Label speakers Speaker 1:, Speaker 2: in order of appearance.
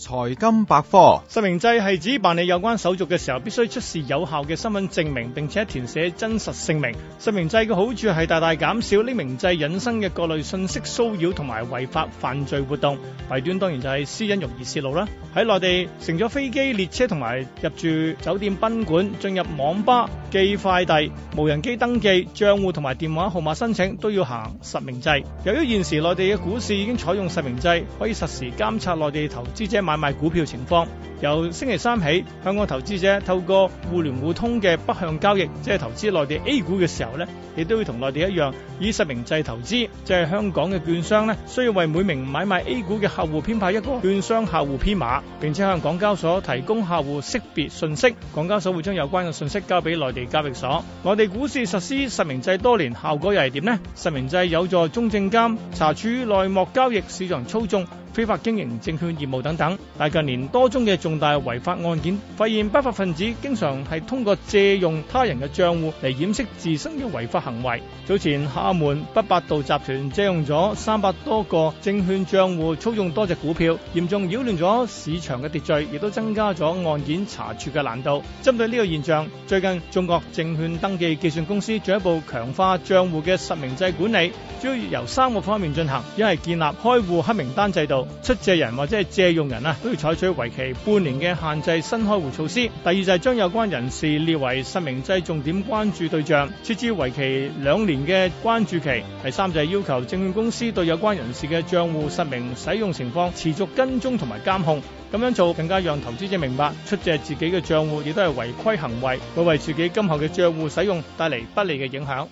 Speaker 1: 財金百科實名制係指辦理有關手續嘅時候，必須出示有效嘅身份證明，並且填寫真實姓名。實名制嘅好處係大大減少匿名制引申嘅各類信息騷擾同埋違法犯罪活動。弊端當然就係私隱容易泄露啦。喺內地乘坐飛機、列車同埋入住酒店、賓館、進入網吧、寄快遞、無人機登記、賬戶同埋電話號碼申請，都要行實名制。由於現時內地嘅股市已經採用實名制，可以實時監察內地投資者。買賣股票情況，由星期三起，香港投資者透過互聯互通嘅北向交易，即係投資內地 A 股嘅時候咧，亦都會同內地一樣以實名制投資，即係香港嘅券商咧，需要為每名買賣 A 股嘅客戶編排一個券商客戶編碼，並且向港交所提供客戶識別信息，港交所會將有關嘅信息交俾內地交易所。內地股市實施實名制多年，效果又係點咧？實名制有助中證監查處內幕交易，市場操縱。非法經營證券業務等等，但近年多宗嘅重大違法案件，發現不法分子經常係通過借用他人嘅賬戶嚟掩飾自身嘅違法行為。早前廈門北八道集團借用咗三百多個證券賬戶操縱多隻股票，嚴重擾亂咗市場嘅秩序，亦都增加咗案件查處嘅難度。針對呢個現象，最近中國證券登記結算公司進一步強化賬戶嘅實名制管理，主要由三個方面進行：一係建立開戶黑名單制度。出借人或者係借用人啊，都要採取為期半年嘅限制新開戶措施。第二就係將有關人士列為實名制重點關注對象，設置為期兩年嘅關注期。第三就係要求證券公司對有關人士嘅賬戶實名使用情況持續跟蹤同埋監控。咁樣做更加讓投資者明白，出借自己嘅賬戶亦都係違規行為，會為自己今後嘅賬戶使用帶嚟不利嘅影響。